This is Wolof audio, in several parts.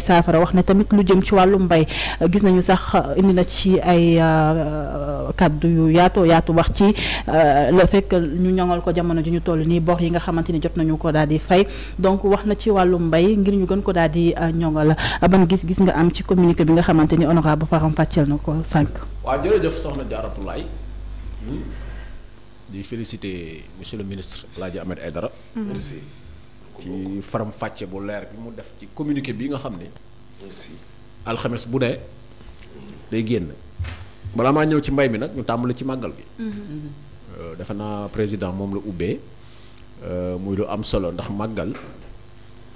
saafara wax na tamit lu jëm ci wàllu mbay gis nañu sax indi na ci ay euh, kàddu yu yaatoo yaatu wax ci euh, le fait ñu ñoŋal ko jamono ju ñu toll nii bor yi nga xamante ni jot nañu ko daal di fay donc wax na ci wàllu mbay ngir ñu gën ko daal di euh, ñoŋala ban gis-gis nga am ci communiqué bi nga xamante ni honorable faram fàcceel na ko sànq. waaw jërëjëf soxna Jaaratulaay hmm? di féliciter monsieur le ministre El Hadji ci faram fàcce bu leer bi mu def ci communiqué bi nga xam ne. alxames bu dee day génn balaa maa ñëw ci mbay mi nag ñu tàmbali ci màggal bi mhm. euh, defe naa président moom la ubbee euh, muy lu am solo ndax màggal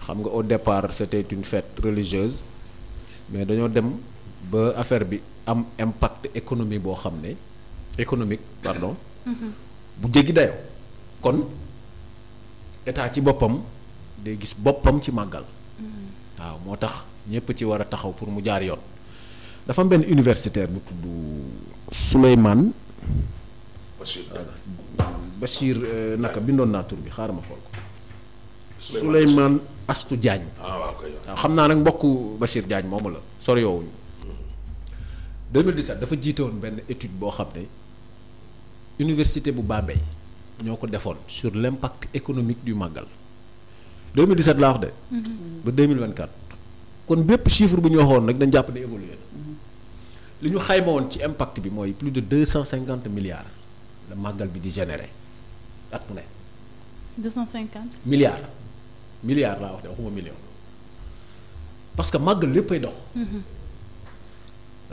xam nga au départ c'était une fête religieuse mais dañoo dem ba affaire bi am impact économique boo xam ne économique pardon. Mhm. bu jéggi dayoo kon état ci boppam. day gis boppam ci màggal. Mm-hmm. waaw moo tax ñëpp ci war a taxaw pour mu jaar yoon. dafa am benn universitaire bu tudd Souleymane. Bachir Bachir euh, naka bindoon naa tur bi xaaral ma xool ko. Souleymane Astou Diagne. Ah, waaw xam naa nag mbokku Bachir Diagne moomu la soriwoowuñu. 2017 mm-hmm. dafa jiitoon woon benn étude boo xam ne université bu Bambey ñoo ko defoon sur l'impact économique du màggal 2017 laa wax de. ba 2024. kon bépp chiffre bu ñu waxoon nag dañ jàpp ne li ñu xayma woon ci impact bi mooy plus de 250 milliards la màggal bi di généré at mu ne. 250. milliards milliards laa wax de waxuma million parce que màggal léppay dox. Mm-hmm.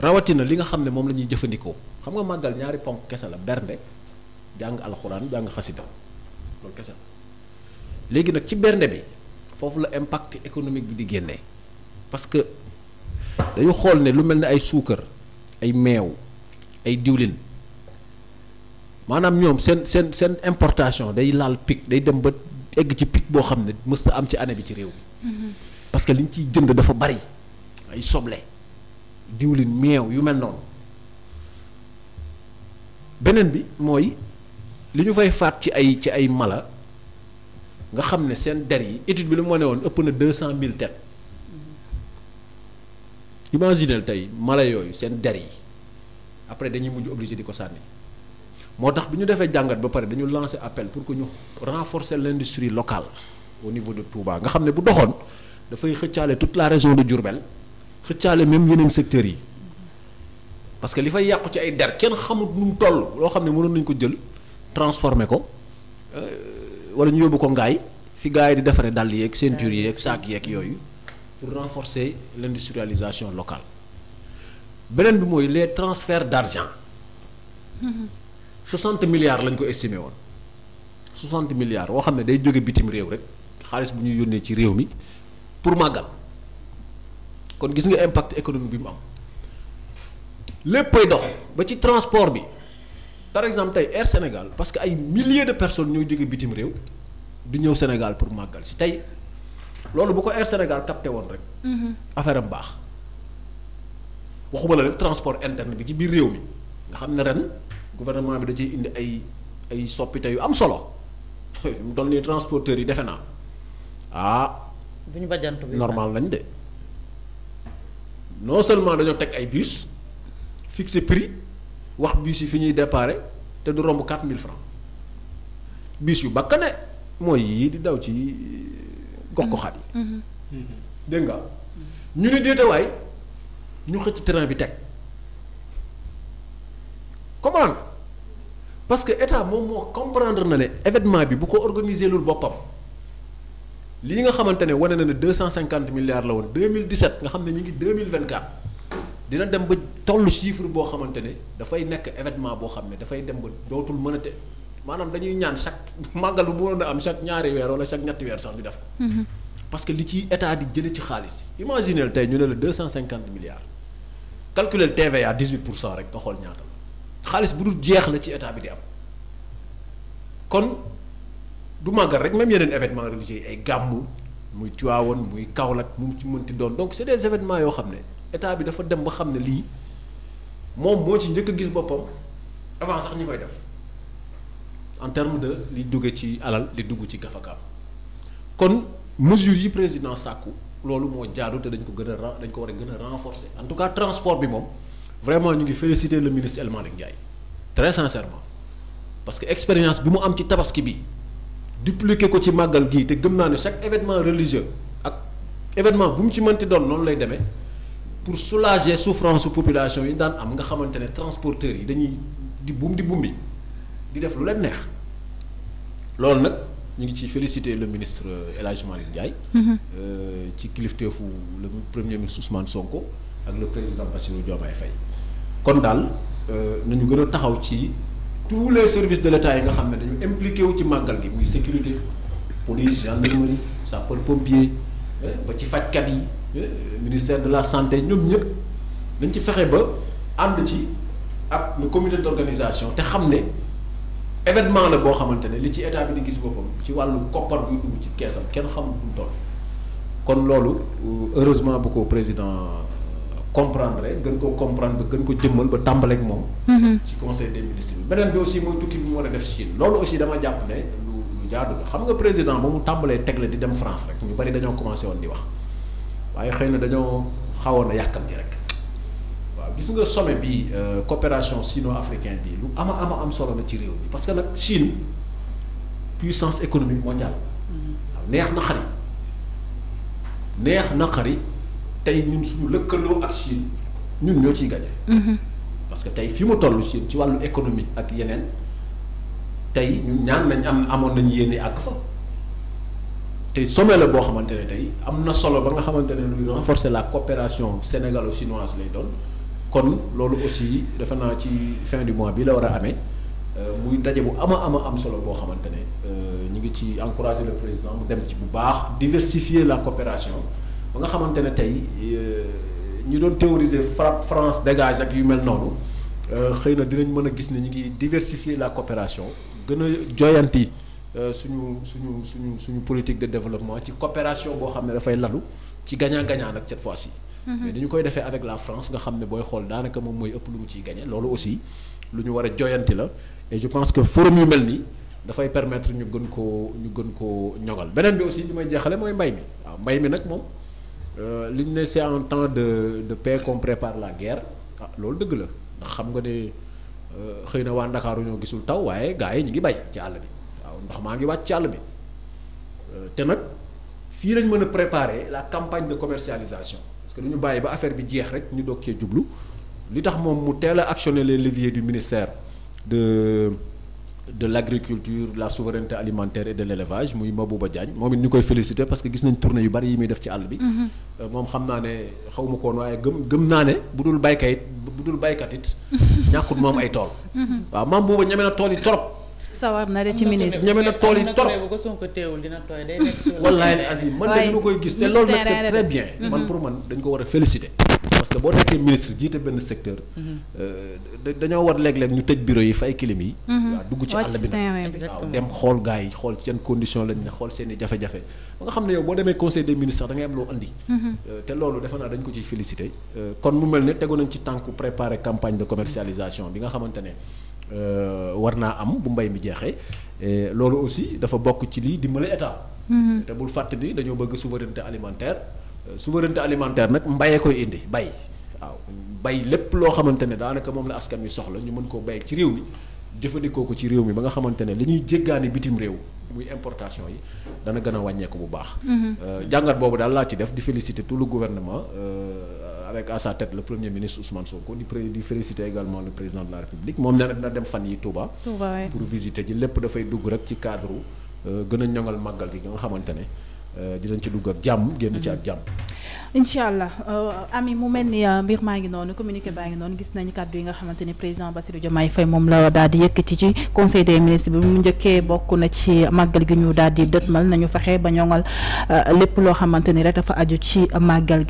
rawatina li nga xam ne moom la ñuy jëfandikoo xam nga màggal ñaari ponk kese la bernde jàng alxuraan jàng xasida loolu kese la. léegi nag ci bernde bi foofu la impact économique bi di génnee parce que dañu xool ne lu mel ni ay suukar ay meew ay diwlin maanaam ñoom seen seen seen importation day laal pic day dem ba egg ci pic boo xam ne mës am ci année bi ci réew mi mm-hmm. parce que liñ ci jënd dafa bari ay soble diwlin meew yu mel noonu beneen bi mooy li ñu fay faat ci ay ci ay mala nga xam ne seen der yi étude bi lu ma ne woon ëpp na deux cent mille têtes imaginel tey mala yooyu seen der yi après dañuy mujj obligé di ko sànni moo tax bi ñu defee jàngat ba pare dañu lancer appel pour que ñu renforcer l'industrie locale au niveau de Touba nga xam ne bu doxoon dafay xëccaale toute la région de Diourbel xëccaale même yeneen secteurs yi parce que li fay yàqu ci ay der kenn xamut nu toll loo xam ne mënoon nañu ko jël transformer ko. Euh, wala ñu yóbbu ko ngaay fi gars yi di defaree dàll yeeg ceinture yeeg saak yeeg yooyu pour renforcer l'industrialisation locale beneen bi mooy les transferts d'argent 60 mm-hmm. milliards lañ ko estimé woon 60 milliards woo xam ne day jóge bitim réew rek xaalis bu ñuy yónnee ci réew mi pour màggal kon gis nga impact économique bi mu am léppay dox ba ci transport bi. par exemple tey Air Sénégal parce que ay milliers de personnes ñoo jóge bitim réew di ñëw Sénégal pour màggal si tey loolu bu ko Air Sénégal capté woon rek. Mhm. affaire am baax. waxuma la rek transport interne bi ci biir réew mi nga xam ne ren gouvernement bi da ciy indi ay ay soppite yu am solo mu toll nii transporteur yi defe naa ah. duñu bajantu bi normal lañ de non seulement dañoo teg ay bus fixe prix. wax bus yi fi ñuy déparé te du romb mille francs bus yu bakkane mooy yii di daw ci gox goxaat yi. Mm-hmm. Mm-hmm. dégg nga ñu ne déetawaay ñu xëcc train bi teg comprendre parce que moom moo comprendre na ne événement bi bu ko organiser lul boppam lii nga xamante ne wane na ne deux cent cinquante milliards la woon deux mille dix sept nga xam ne ñu ngi deux mille vingt quatre dina dem ba tollu chiffre boo xamante ne dafay nekk événement boo xam ne dafay dem ba dootul mën a te maanaam dañuy ñaan chaque màggal bu mënoon a am chaque ñaari weer wala chaque ñetti weer sax bi def ko. Mm-hmm. que li ci état di jëlee ci xaalis imaginez tey ñu ne la deux cent cinquante milliards calculer TVA dix huit pour cent rek nga xool ñaata la xaalis bu dul jeex la ci état bi di am kon du màggal rek même yeneen événement religieux ay gàmmu muy Tiwaawoon muy Kaolack mu ci mënti doon donc c'est des événements yoo xam ne. état bi dafa dem ba xam ne lii moom moo ci njëkk a gis boppam avant sax ñu koy def en terme de li jóge ci alal li dugg ci gafakaam kon mesures yi président sàkku loolu moo jaadu te dañ ko gën a dañ ko war a gën a renforcer en tout cas transport bi moom vraiment ñu ngi féliciter le ministre El Malick Ndiaye très sincèrement parce que expérience bi mu am ci tabaski bi dupliquer ko ci màggal gii te gëm naa ne chaque événement religieux ak événement bu mu ci doon noonu lay demee pour soulager souffrance su population yi daan am nga xamante ne transporteurs yi dañuy di bum di bumbi di def lu leen neex loolu nag ñu ngi ci féliciter le ministre euh, El Hadj Malick ci mm-hmm. euh, ci kilifteefu la premier ministre Ousmane Sonko ak le président Bassirou Diomaye Faye kon daal euh, nañu gën a taxaw ci tous les services de l'État yi nga xam ne dañu impliqué wu ci màggal gi muy sécurité police gendarmerie sapeur pompier ba ci fajkat yi. Euh, ministère de la santé ñoom ñëpp dañ ci fexe ba ànd ci ak le comité d'organisation te xam ne événement la boo xamante ne li ci état bi di gis boppam ci wàllu koppar buy dugg ci keesam kenn xamul fu mu kon loolu euh, heureusement bu ko président euh, comprendre gën koo comprendre ba gën ko jëmmal ba tàmbaleeg moom. Mm-hmm. ci conseil des ministres bi. beneen bi aussi mooy tukki bi mu war a def Chine loolu aussi dama jàpp ne lu lu jaadu la xam nga président ba mu tàmbalee teg la di dem France rek ñu bari commencé woon di wax. waaye xëy na dañoo xawoon a yàkkamti rek waaw gis nga sommet bi euh, coopération sino-africain bi lu ama ama am solo na ci réew mi parce que nag Chine puissance économique mondiale mm-hmm. waaw neex na xari neex na xari tey ñun suñu lëkkaloo ak Chine ñun ñoo ciy gañe mm-hmm. parce que tey fi mu toll Chine ci wàllu économique ak yeneen tey ñun ñaan nañ am amoon nañu yéene àgg fa te some la boo xamante ne tey am na solo ba nga xamante ne luy renforcer la coopération sénégalo-chinoise lay doon kon loolu aussi defe naa ci fin du mois bi la war a amee euh, muy daje bu ama ama am solo boo xamante ne euh, ñu ngi ci encourager le président mu dem ci bu baax diversifier la coopération ba nga xamante ne tey euh, ñi doon théoriser FRAPP France dégage ak yu mel noonu xëy na dinañ mën a gis ne ñu ngi diversifier la coopération gën a joyanti Euh, suñu suñu suñu suñu politique de développement ci coopération boo xam ne dafay lalu ci gagnant gagnant nag cette fois yi mhm. mais ni koy defee avec la France nga xam ne booy xool daanaka moom mooy ëpp lu mu ciy gagné loolu aussi lu ñu war a joyanti la et je pense que forum yu mel nii dafay permettre ñu gën koo ñu gën koo ñogal beneen bi aussi li may jeexale mooy mbay mi waaw mbay mi nag moom euh, li ñu ne c'est en temps de de paix qu'on prépare la guerre ah loolu dëgg la ndax xam nga ne euh, xëy na waa Ndakaaru ñoo gisul taw waaye gars yi ñu ngi bay ci àll bi. waaw ndox maa ngi wàcc ci àll bi euh, te nag fii lañ mën a préparer la campagne de commercialisation parce que du ñu bàyyi ba affaire bi jeex rek ñu doog cee jublu li tax moom mu teel a actionner les leviers du ministère de de l'agriculture la souveraineté alimentaire et de l'élevage muy Mabouba Diagne moom it ñu koy féliciter parce que gis nañ tournée yu bari yi muy def ci àll bi. Mm-hmm. Euh, moom xam naa ne xaw koon waaye gëm gëm naa ne bu dul baykat bu dul baykat it ñàkkut ay tool. Mm-hmm. sawar na de ci ministre ñeme na tool yi trop bu ko Sonko teewul man de dama koy gis te loolu nag c'est très bien. Mhm. man pour man dañ ko war a féliciter. parce que boo nekkee ministre jiite benn secteur. Mhm. Euh, dañoo war léeg-léeg ñu tëj bureau yi fa clim yi. Mhm. waaw dugg ci àll bi waaw dem xool gars yi xool seen condition lañ ne xool seen i jafe-jafe. ba nga xam ne yow boo demee conseil des ministres sax da ngay am loo andi. Euh, te loolu defe naa dañ ko ciy féliciter. Euh, kon mu mel ne tegu nañ ci tànku préparer campagne de commercialisation bi nga xamante ne. Euh, war naa am bu mbay mi jeexee loolu aussi dafa bokk ci lii di dimbale état. Mm-hmm. te bul fàtte ni dañoo bëgg souveraineté alimentaire euh, souveranté alimentaire nag mbayee koy indi bay waaw bay lépp loo xamante ne daanaka moom la askan wi soxla ñu mën koo bay ci réew mi jëfandikoo ko ci réew mi ba nga xamante ne li ñuy jéggaani bitim réew muy importation yi dana gën a wàññeeku bu baax. Mm-hmm. Euh, jàngat boobu daal laa ci def di féliciter tout le gouvernement. Euh, avec à sa tête le premier ministre Ousmane Sonko di di féliciter également le président de la République moom nee na dina dem fan yi Touba. pour visiter ji lépp dafay dugg rek ci cadre euh, gën a ñoŋal màggal gi nga xamante ne euh, dinañ ci dugg ak jàmm génn ci ak jàmm. Mm-hmm. incha allah euh, ami mu mel ni mbir maa ngi noonu communiqué baa ngi noonu gis nañu kàddu yi nga xamante président Bassirou Diomaye Faye moom la daal di ci conseil des ministres bi mu na ci ba ñoŋal lépp loo xamante ni rek dafa aju ci màggal